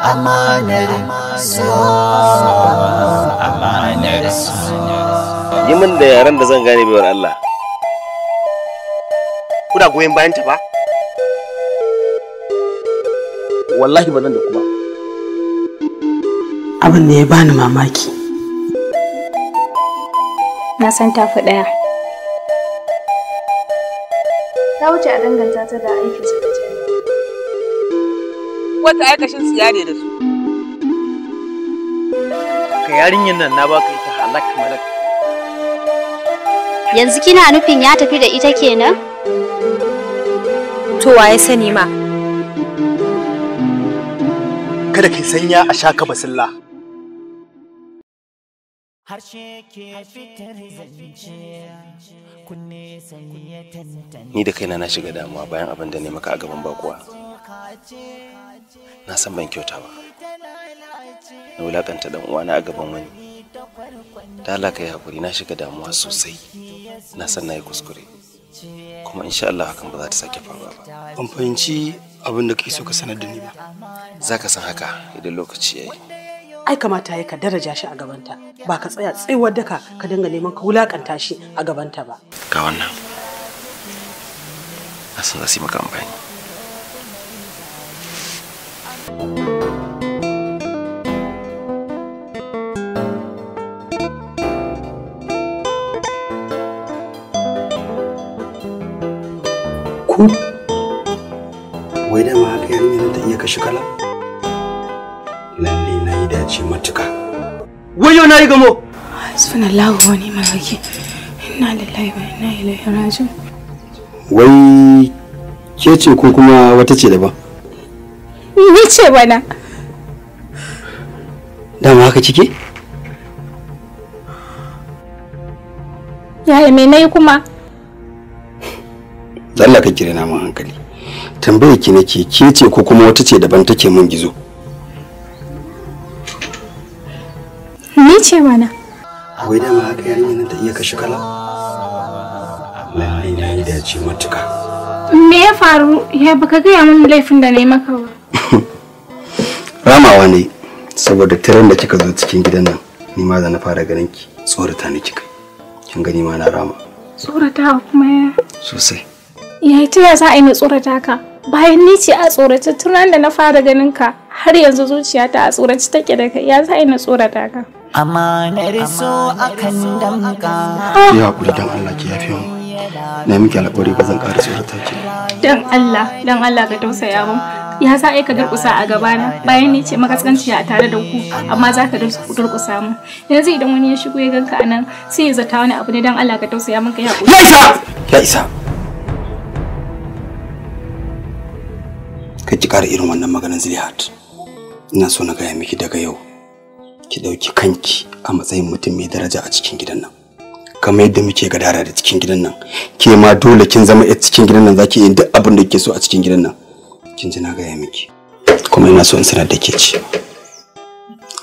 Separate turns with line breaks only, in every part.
yi
min da yaren da zan gane baiwar Allah kuna goyon bayan ta ba wallahi ba da kuma
abin da ya bani mamaki
na san tafi ta
wuce a danganta ta da aikin wata aikashin su
yare da su.
Ka yarinyar nan na baka ita halak
malak. Yanzu kina nufin ya tafi da ita kenan? To waye sani ma.
Kada ki sanya a sha ka basilla.
harshe ke fitar zance kunne ni
da kaina na shiga damuwa bayan abin da ne maka a gaban bakuwa na san ban kyauta ba na wulakanta dan uwana a gaban wani ta alaka ya hakuri na shiga damuwa sosai na san na yi kuskure kuma insha Allah hakan ba za ta sake faruwa ba
ban fahimci abin da kake so ka sanar da ni ba za ka
san haka idan lokaci ya yi
ai kamata ya ka daraja shi a gabanta ba ka tsaya tsayuwar daka ka dinga neman ka wulakanta shi a gabanta ba
ga wannan asan za su yi maka amfani ku
wai dama haka yarinya ta iya kashe kala lalle na yi dace matuka yau na yi gamo
subhanallahu wa ni'mal wakil inna lillahi wa inna ilaihi raji'un
wai ke ce ko kuma wata ce daban
ce bana
dama haka kike
yaya me nayi kuma
Allah ka kire na hankali tambayar ki nake ke ce ko kuma wata ce daban take mun gizo
ni ce mana
a wai dama haka yarinya nan ta iya kashe kala Allah ya yi dace matuka
me ya faru ya baka gaya mun laifin da na yi maka ba
ramawa ne saboda tiran da kika zo cikin gidan nan ni ma na fara ganin ki tsorata ni kika kin gani ma na rama
tsorata kuma sosai yayi ta za a yi tsorata ka bayan ni ce a tsorata tun da na fara ganin ka har yanzu zuciyata a tsoraci take da kai ya sa a yi na tsorata ka
amma na riso
akan damka ya
ah. hakuri dan Allah ki yafe mu na miki alƙawari ba zan ƙara
tsorata ki
dan Allah dan Allah ka tausaya mu ya za ka durkusa a gabana bayan ni ce makaskanciya a tare da ku amma za ka durkusa mu yanzu idan wani ya shigo ya ganka a nan sai ya zata wani abu ne don Allah ka tausaya maka ya ya isa
ya isa ka ki ƙara irin wannan maganar zilihat ina so na gaya miki daga yau ki ɗauki kanki a matsayin mutum mai daraja a cikin gidan nan kamar yadda muke gadara da cikin gidan nan ke ma dole kin zama a cikin gidan nan zaki yi duk abin da kike so a cikin gidan nan kin ji na gaya miki kuma ina so in sanar da ke ci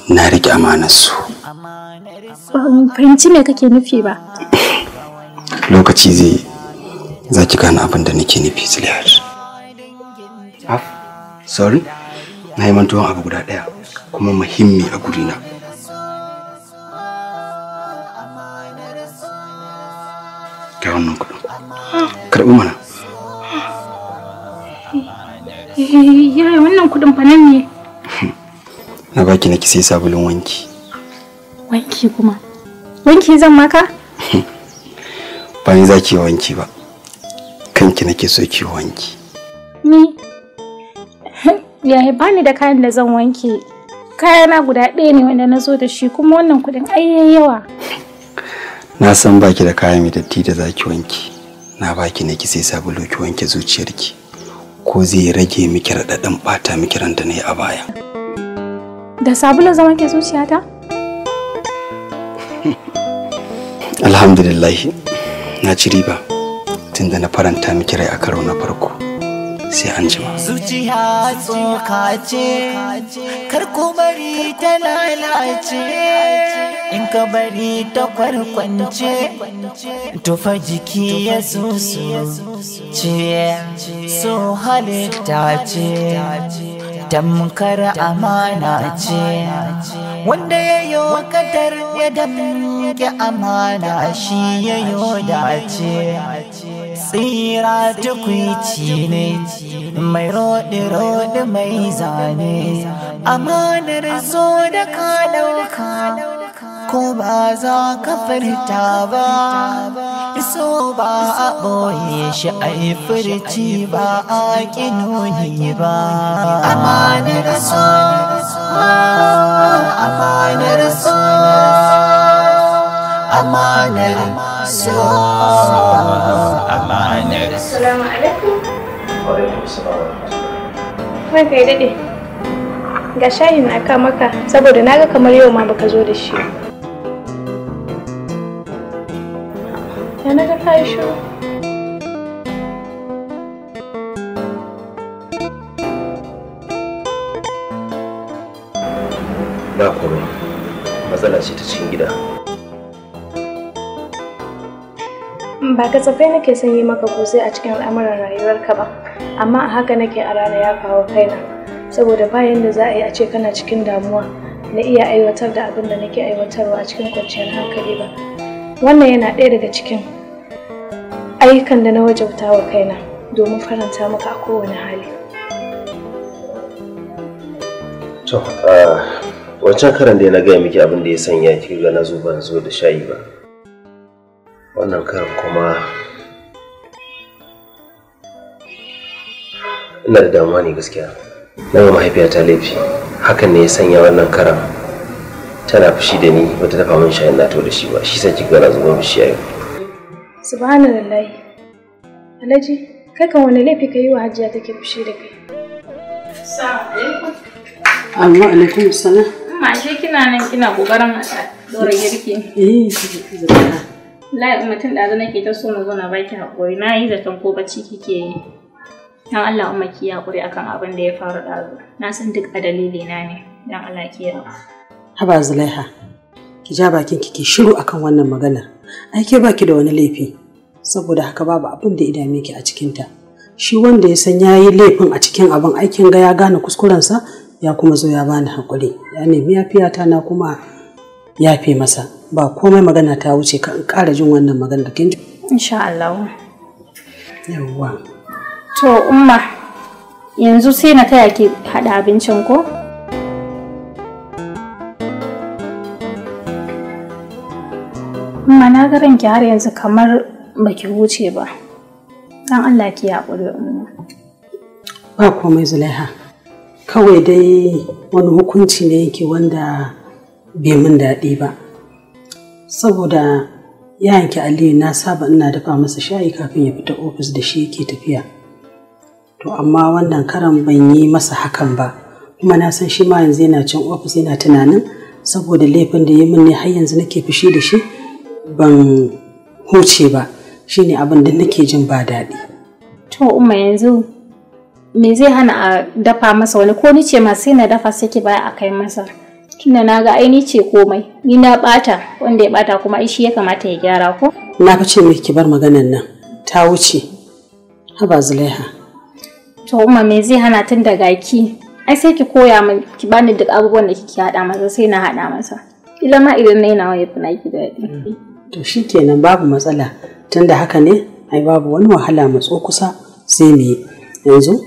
na rike amanar su
fahimci me kake nufi ba
lokaci zai za ki gane abin da nake nufi ziliyar af sorry na yi mantuwan abu guda ɗaya kuma muhimmi a gurina
ga wannan kuɗin ah. karɓi mana
Eh, ya wannan kuɗin fa nan ne.
Na baki na sai sabulun wanki.
Wanki kuma? Wanki zan maka?
Ba ni za ki wanki ba. Kanki nake so ki wanki.
Ni? Yaya ba ni da kayan da zan wanke. Kayana guda ɗaya ne wanda na zo da shi kuma wannan kuɗin ai yawa.
Na san baki da kaya mai datti da za ki wanki. Na baki na sai sabulu ki wanke zuciyarki. ko zai rage miki raɗaɗin ɓata miki ran da na a baya.
Da sabulun zama ke zuciyata?
Alhamdulillah na ci riba tunda na faranta miki rai a karo na farko. sai an jima
zuciya tsoka ce kar ku bari ta lalace in ka bari ta kwarkwance tufa jiki ya susu ce so halitta ce tamkar amana ce wanda ya yi kadar, ya damke amana shi ya yi dace tsira tukwici ne mai roɗe-roɗe mai zane amanar zo da ka ɗauka ko ba za ka furta ba iso ba a boye shi a yi furci ba a ƙinoni ba amanar so amanar so amanar so Assalamu
alaikum. Wa Kai kai Ga shayin na ka maka saboda naga kamar yau ma baka zo da shi. Ya naga ka shi.
Ba Matsala ce ta cikin gida.
Ba ka tsafe nake son yi maka kusai a cikin al'amuran rayuwarka ba, amma a haka nake a rana ya kawo kaina, saboda bayan da za a yi a ce kana cikin damuwa na iya aiwatar da abin da nake aiwatarwa a cikin kwanciyar hankali ba. Wannan yana ɗaya daga cikin ayyukan da na wajabta wa kaina domin faranta maka a kowane hali.
To, ah, wancan karan da na gaya miki abin da ya sanya ki ga na zo ban zo da shayi ba. wannan karin kuma ina da damuwa ne gaskiya na ga mahaifiyata laifi hakan ne ya sanya wannan karan tana fushi da ni bata dafa min shayin to da shi ba shi sa kika na mu shi yau
subhanallahi alhaji kai kan wani laifi ka yi wa hajiya take fushi da kai
amma alaikum salam
amma shi kina nan kina kokarin
dora girki
eh
la mutum ɗazu nake ta so na zo na baki haƙuri na yi zaton ko bacci kike yi don Allah umma ki haƙuri akan abin da ya faru ɗazu na san duk a dalili na ne don Allah ki yawa
haba zulaiha ki ja bakin ki shiru akan wannan maganar ai ke baki da wani laifi saboda haka babu abin da ya dame ki a cikinta shi wanda ya san ya yi laifin a cikin abin aikin ga ya gane kuskurensa ya kuma zo ya bani hakuri, ya nemi ta na kuma yafe masa ba komai magana ta wuce ka ƙara jin wannan magana da kin
insha Allah yawwa to umma yanzu sai na taya ki hada abincin ko umma na ga ranki har yanzu kamar baki wuce ba dan Allah ki haƙuri umma
ba komai zulaiha kawai dai wani hukunci ne yake wanda bai mun daɗi ba saboda yayanki Aliyu na saba ina dafa masa shayi kafin ya fita ofis da shi yake tafiya. To amma wannan karan ban yi masa hakan ba, kuma na san shi ma yanzu yana cin ofis yana tunanin saboda laifin da ya min ne har yanzu nake fushi da shi ban huce ba, shine abin da nake jin ba daɗi.
To umma yanzu me zai hana a dafa masa wani ko ni ce ma sai na dafa sai ki baya a kai masa. tunda na ga aini ce komai ni na bata wanda ya bata kuma shi ya kamata ya gyara ko
na fi ce mai ki bar maganan nan ta wuce haba zulaiha
to umma me zai hana tun daga ki ai sai ki koya min ki bani duk abubuwan da kike hada masa sai na hada masa ila ma idan na nawa ya fi na ki daɗi
mm. to shi kenan babu matsala tunda haka ne ai babu wani wahala matso kusa sai mu yanzu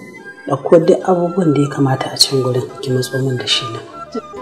ɗauko duk abubuwan da ya kamata a cikin gurin ki matso min da
shi nan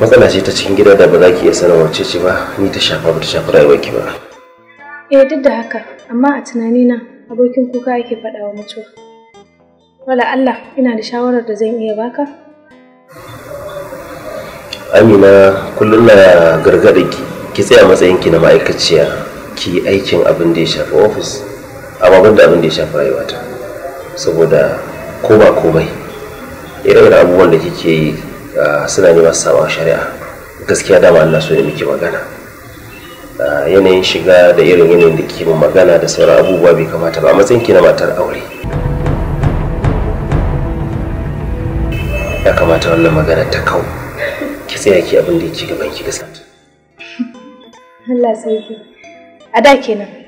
matsala ce ta cikin gida da ba za ki iya sanar wace ce ba ni ta shafa ba ta shafi rayuwar ki ba
eh duk da haka amma a tunani na abokin kuka yake faɗa wa mutuwa wala Allah ina da shawarar da zan iya baka
Amina kullum na gargaɗa ki ki tsaya matsayin ki na ma'aikaciya ki aikin abin da ya shafi ofis A ban da abin da ya shafi rayuwata saboda ko ba komai irin abubuwan da kike yi suna nema su sama shari'a gaskiya dama Allah so da muke magana yanayin shiga da irin yanayin da ke magana da sauran abubuwa bai kamata ba a matsayin ki na matar aure ya kamata wannan magana ta kau ki tsaya ki abin da yake gaban ki gaskiya
Allah sai a da kenan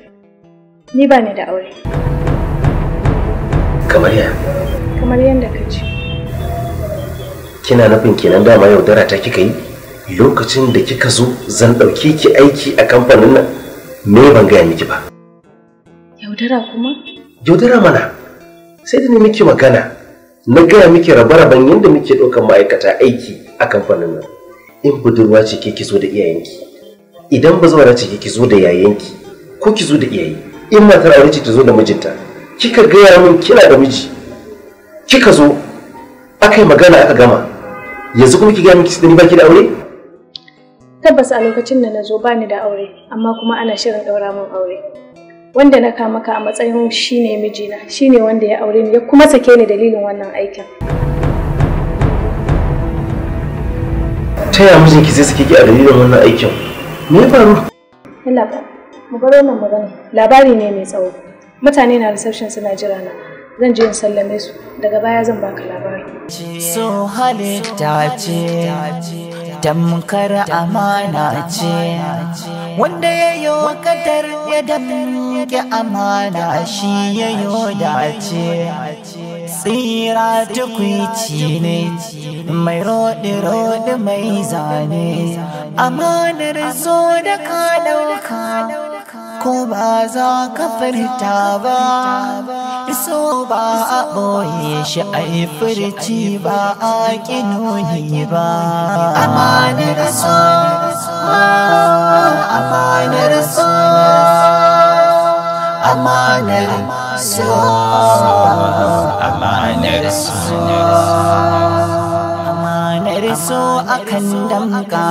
Ni ba ni da aure. Kamar ya? Kamar yadda ka ce.
Kina nufin kenan dama yaudara ta kika yi? Lokacin da kika zo zan ɗauke ki aiki a kamfanin nan me ban gaya miki ba.
Yaudara kuma?
Yaudara mana. Sai da ni miki magana. Na gaya miki rabe-raben yadda muke ɗaukar ma'aikata aiki a kamfanin nan. In budurwa ce ke ki da iyayenki. Idan bazawara ce ke ki zo da yayenki ko ki zo da iyayenki? in matar aure ce ta zo da mijinta kika gaya min kina da miji kika zo aka yi magana aka gama yanzu kuma ki gaya min kisa da ni baki da aure
tabbas a lokacin da na zo bani da aure amma kuma ana shirin ɗaura min aure wanda na kama ka a matsayin shine mijina shine wanda ya aure ni ya kuma sake ni dalilin wannan aikin
ta yaya mijinki zai sake ki a dalilin wannan aikin
me ya faru
Allah ba mu bar wannan magana labari ne mai tsawo mutane na reception suna jira na zan je in sallame su daga baya zan baka labari
so halitta ce tamkar amana ce wanda ya yi kadar ya damke amana shi ya yi dace tsira tukwici ne mai roɗi-roɗi mai zane amanar zo da ka ɗauka ko ba za ka furta ba iso ba a boye shi a yi furci ba a ƙinoni ba amanar so amanar so
amanar
so amanar so so akan damka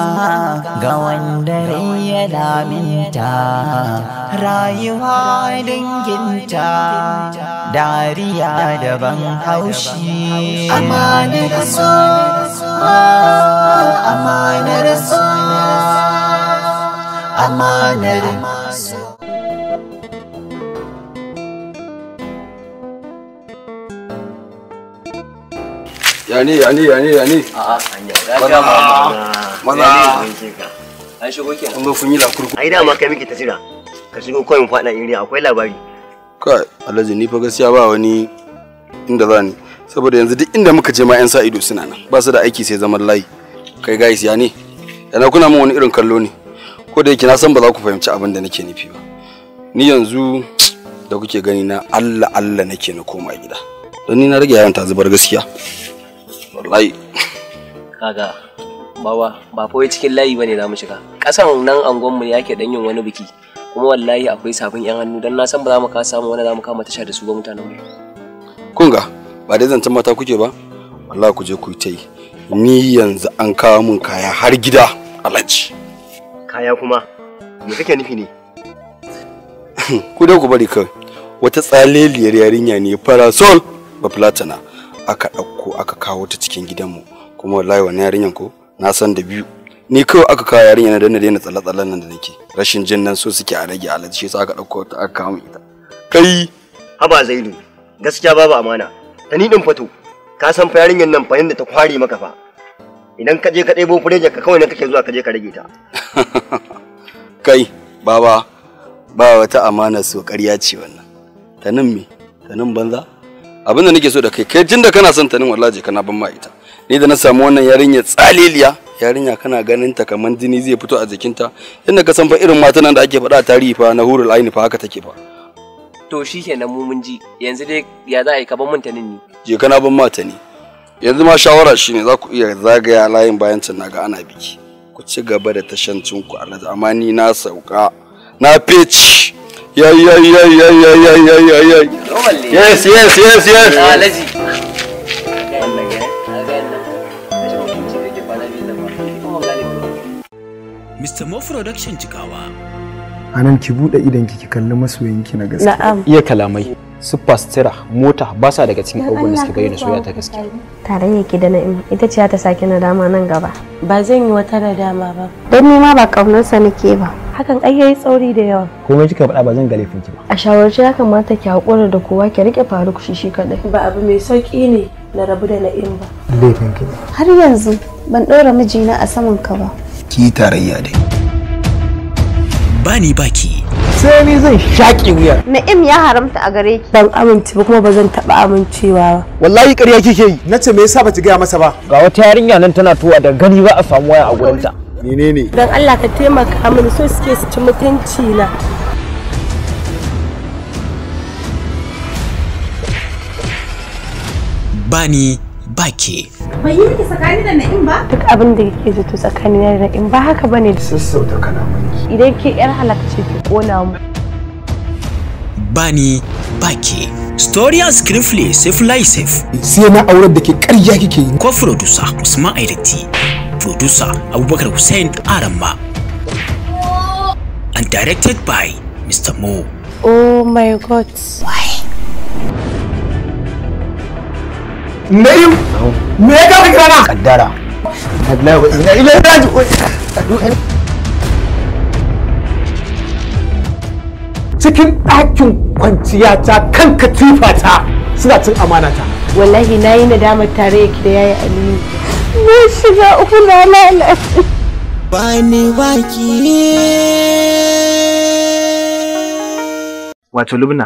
ga wanda rai ya laminta rayuwa danginta dariya daban haushi amanar so amanar so amanar so
yani yani yani yani a'a mana an shigo kenan yi lakurku ai da ma kai muke ta ka shigo kawai mu faɗa iri akwai labari kai alhaji ni fa gaskiya ba wani inda za ni saboda yanzu duk inda muka je ma yan sa ido suna nan ba su da aiki sai zaman layi kai guys ya ne yana kuna min wani irin kallo ne ko da yake na san ba za ku fahimci abin da nake nufi ba ni yanzu da kuke gani na Allah Allah nake na koma gida don ni na rage yawan ta zubar gaskiya wallahi
kaga bawa ba fa cikin layi bane na mu shiga ƙasan nan angon mu yake dan yin wani biki kuma wallahi akwai sabon yan hannu dan na san ba za mu ka samu wani za mu kama tasha da su ba mutanen mu
kun ga ba dai zancen mata kuke ba wallahi ku je ku ta yi ni yanzu an kawo mun kaya har gida alaji kaya kuma me kake nufi ne ku dai ku bari kai wata tsaleliyar yarinya ne parasol ba platana aka ɗauko aka kawo ta cikin gidanmu kuma wallahi wannan yarinyan ko na san da biyu ni kawai aka kawo yarinya na danna daina tsalle-tsallen nan da nake rashin jin nan so suke a rage alaji shi yasa aka ɗauko ta aka kawo ita kai haba zaidu gaskiya babu amana ta ni din fato ka san fa yarinyar nan fahimta ta kware maka fa idan ka je ka ɗebo furejin ka kawai nan kake zuwa ka je ka rage ta kai baba ba wata amana so ƙarya ce wannan ta nan me ta nan banza abin da nake so da kai kai tunda kana son ta nan wallahi kana ban ma ita ni da na samu wannan yarinyar tsaliliya yarinya kana ganin ta kamar jini zai fito a jikinta inda ka san fa irin matan da ake faɗa tarihi fa na hurul aini fa haka take fa
to shikenan
mu mun ji yanzu dai ya za a yi ka ban mutanin ne
je kana ban mata ne yanzu ma shawara shine za ku iya zagaya layin bayan can naga ana biki ku ci gaba da tashancin ku alhaji amma ni na sauka na yayi yayi
yes yes yes yes Mr. Mo Production
Anan ki buɗe idan ki kalli masoyinki na gaske. Na'am. Iya kalamai.
su sutura mota ba sa daga cikin abubuwan da suke bayyana soyayya ta gaske.
Tarayya ki da na'im
ita ce ta saki nadama nan gaba. Ba zan yi wata da dama ba. Don ni ma ba kaunarsa nake ba. Hakan ai yayi tsauri da yawa.
Komai kika faɗa ba zan ga laifin ki ba.
A shawarce ya kamata ki haƙura
da kowa ki rike faruk shi shi kaɗai. Ba abu mai sauƙi ne na rabu da na'im ba. Laifin ki. Har yanzu ban ɗora mijina a saman ka ba.
ki tarayya dai
bani baki sai ni zan shaƙe wuya
na'im ya haramta a gare ki ban amince ba kuma ba zan taɓa amincewa ba
wallahi ƙarya kike yi nace me yasa bata gaya masa ba ga wata yarinya nan tana tuwa da gani ba a samu waya a gurinta menene
dan Allah ka taimaka mun so suke su ci mutunci na
bani baki
Bai ki tsakani da na'im ba? Duk abin da kike zato tsakani da na'im ba haka bane. Sassauta kalamanki.
Idan ke yar halaka ce ki mu. Bani baki.
Storia Screenplay Safe Life Safe. Sai na aurar da ke ƙarya kike yi. Ko producer Usman Aidati. Producer Abubakar Hussein Aramba. And directed by Mr. Mo.
Oh my god. Why?
Na'im? Me ya gaba kira na? Kaddara. Wallahi wa inna ilaihi raji'un. Cikin ɗakin kwanciya ta kan katifa ta suna cin amana ta.
Wallahi na yi nadamar tare ki da yayi Aliyu.
Na shiga uku na lalace. Bani baki.
Wato Lubna,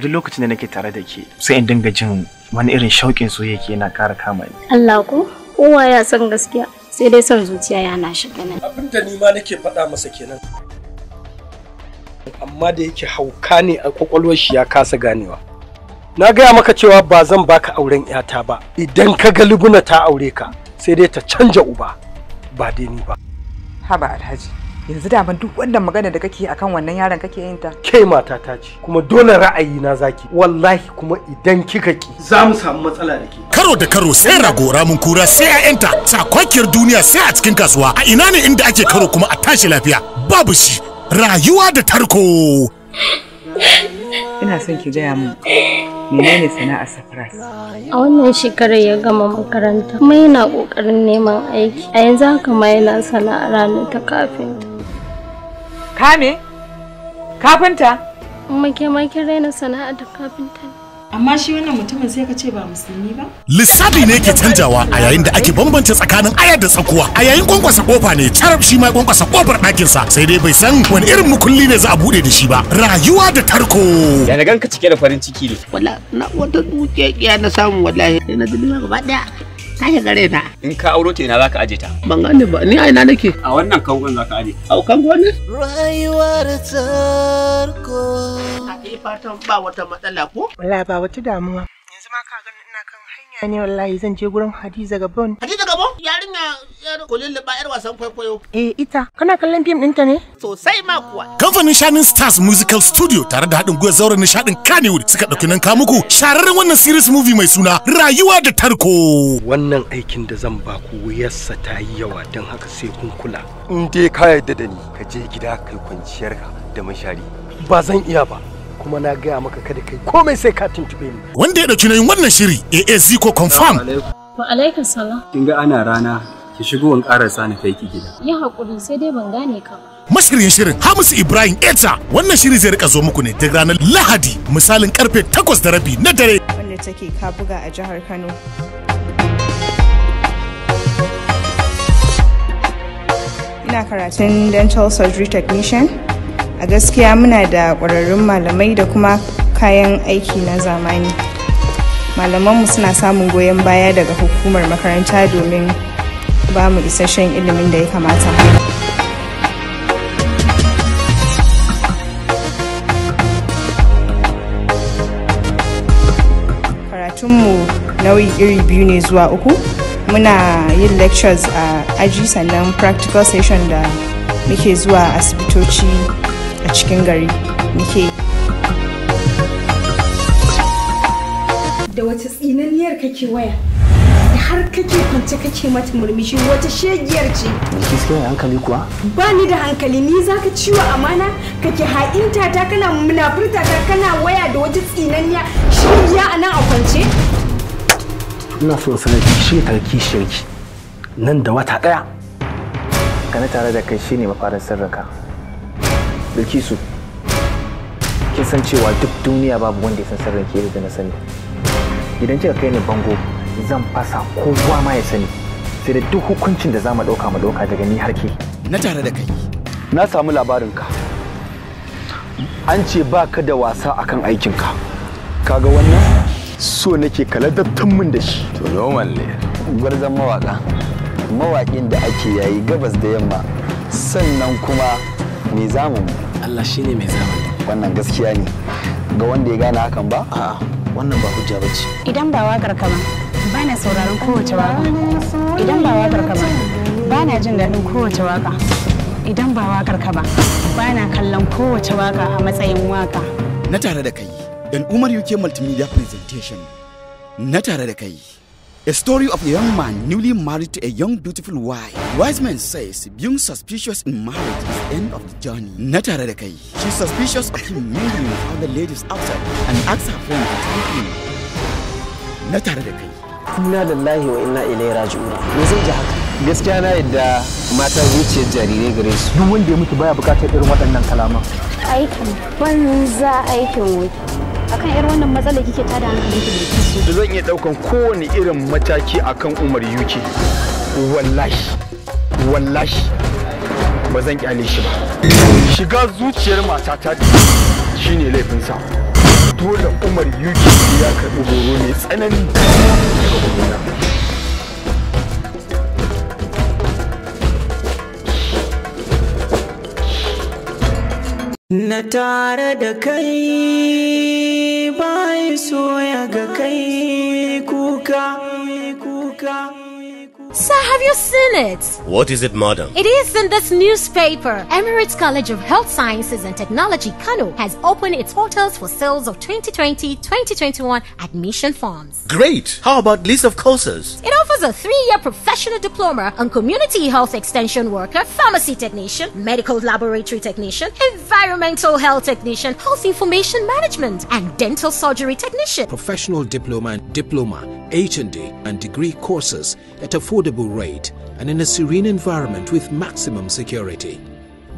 duk lokacin da nake tare da ke sai in dinga jin wani irin shauƙin soyayya ke yana ƙara kama ni.
Allah ko kowa ya san gaskiya sai dai son zuciya yana shiga nan.
Abin da ni ma nake faɗa masa kenan. Amma da yake hauka ne a kwakwalwar shi ya kasa ganewa. Na gaya maka cewa ba zan baka auren 'yata ba idan ka ga Lubuna ta aure ka sai dai ta canja uba ba dai ni ba.
Haba Alhaji. yanzu daman duk wannan magana da kake akan wannan yaron kake yin ta
ke mata ta ce kuma dole ra'ayi na zaki wallahi kuma idan kika ki za mu samu matsala da ke karo da karo sai rago ramin kura sai a yanta sakwakiyar duniya sai a cikin kasuwa a ina ne inda ake karo kuma a tashi lafiya
babu shi rayuwa da tarko ina son ki gaya min menene sana'a safras
a wannan shekarar ya gama makaranta kuma yana kokarin neman aiki a yanzu haka ma yana sana'a ranar ta kafinta Ka Kafinta? Make makin raina sana'a da kafinta ne. Amma shi wannan mutumin sai ka ce ba musulmi ba?
Lissafi ne ke canjawa a yayin
da ake bambanta tsakanin aya da tsakuwa. A yayin kwankwasa kofa ne, carab shi ma kwankwasa kofar ɗakinsa sai dai bai san wani irin mukulli ne za a buɗe da shi ba. Rayuwa da tarko. Ya na ganka cike da farin ciki ne. Wala na wata dukiya na samu wallahi. Na gaba daya. ta gare raina in ka auro ta ina zaka aje ta ban gane ba ni a ina nake a wannan kangon zaka aje a kangon ne
rayuwar tarko a fatan ba wata matsala
ko wala ba wata damuwa yanzu ma ka gani hanya ne wallahi zan je gurin Hadiza Gabon. Hadiza Gabon? Yarinya yar ba yar wasan kwaikwayo. Eh ita, kana kallon fim ɗinta ne?
Sosai ma kuwa.
Kamfanin Shining Stars Musical Studio tare da haɗin gwiwar zauren nishaɗin Kannywood suka ɗauki nan ka muku shararren wannan series movie mai suna Rayuwa da Tarko. Wannan aikin da zan ba ku wuyarsa ta yi yawa don haka sai kun kula. In dai ka yarda da ni ka je gida kai kwanciyarka da mashari. Ba zan iya ba. kuma na gaya maka kada kai komai sai ka tuntube ni wanda ya dauki nayin wannan shiri AS ko confirm
wa alaikum salam
kin ga ana rana ki shigo in karasa ni kai ki gida
ya hakuri sai dai ban gane ka
mashirin mashiryin shirin Hamisu Ibrahim Eta wannan shiri zai rika zo muku ne duk ranar Lahadi misalin karfe 8 da rabi na dare
wanda take ka buga a jihar Kano ina karatun dental surgery technician a gaskiya muna da ƙwararrun malamai da kuma kayan aiki na zamani malamanmu suna samun goyon baya daga hukumar makaranta domin ba mu isasshen ilimin da ya kamata
karatunmu nau'i iri biyu ne zuwa uku
muna yin lectures a aji sannan practical session da muke zuwa asibitoci cikin gari muke
da wata tsinanniyar kake waya da har kake kwance kake mata murmushi wata shegiyar ce
gaskiya mai hankali kuwa
ba ni da hankali ni zaka ciwo amana kake ha'inta ta kana munafurta ta kana waya da wata tsinanniya shegiya a nan a kwance
ina so sanar ki shi tarki shirki nan da wata daya Kana tare da kai shine mafarin sirrinka su kin san cewa duk duniya babu wanda ya san sirrin ke da na sani. Idan kika kai ni bango, zan fasa kowa ma ya sani.
Sai da duk hukuncin da za mu ɗauka mu ɗauka daga ni har ke. Na tare da kai. Na samu labarinka. An ce ba ka da wasa akan aikinka. Kaga wannan? So nake kala dattan min da shi. To normal ne. Gwarzon mawaka. Mawaƙin da ake yayi gabas da yamma. Sannan kuma me zamu Allah shi ne mai zamani wannan gaskiya ne ga wanda ya gane hakan ba a'a wannan ba hujja bace
idan ba wakar ka ba ba na sauraron kowace waka idan ba wakar ka ba ba na jin daɗin kowace waka idan ba wakar ka
ba ba na kallon kowace waka a matsayin waka
na tare da kai dan Umar UK Multimedia Presentation na tare da kai A story of a young man newly married to a young beautiful wife. Wise man says being suspicious in marriage is the end of the journey. Na tare da kai. She's suspicious of him mingling with other ladies outside and asks her friend to take him. Na tare da kai. Inna lillahi wa inna ilaihi raji'un.
Me zai ji haka? Gaskiya na yadda mata zuciyar jarirai gare su.
Duk wanda ya mutu baya bukatar irin waɗannan kalaman.
Aikin banza aikin wuce. akan irin wannan matsalar kike tada hankali ki
da zan iya daukan kowane irin mataki akan Umar UK wallahi wallahi ba zan kyale shi ba shiga zuciyar matata shine laifinsa dole Umar UK ya karbi horo mai tsanani daga gwamnati
na tare da kai bai soya ga kai kuka kuka Sir, have you seen it?
What is it, madam?
It is in this newspaper. Emirates
College of Health Sciences and Technology, Kano, has opened its portals for sales of 2020-2021 admission forms.
Great! How about list of courses?
It offers a three-year professional diploma on community health extension worker, pharmacy technician, medical laboratory
technician, environmental health technician, health information management, and dental surgery technician. Professional diploma and diploma HND and degree courses at affordable rate and in a serene environment with maximum security.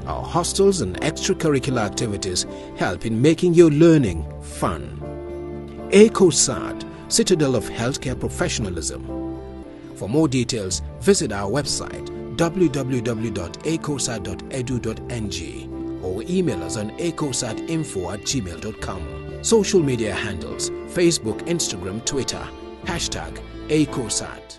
Our hostels and extracurricular activities help in making your learning fun. ACOSAD, Citadel of Healthcare Professionalism. For more details, visit our website www.acosat.edu.ng or email us on acosatinfo at gmail.com. Social media handles Facebook, Instagram, Twitter Hashtag ACOSAT.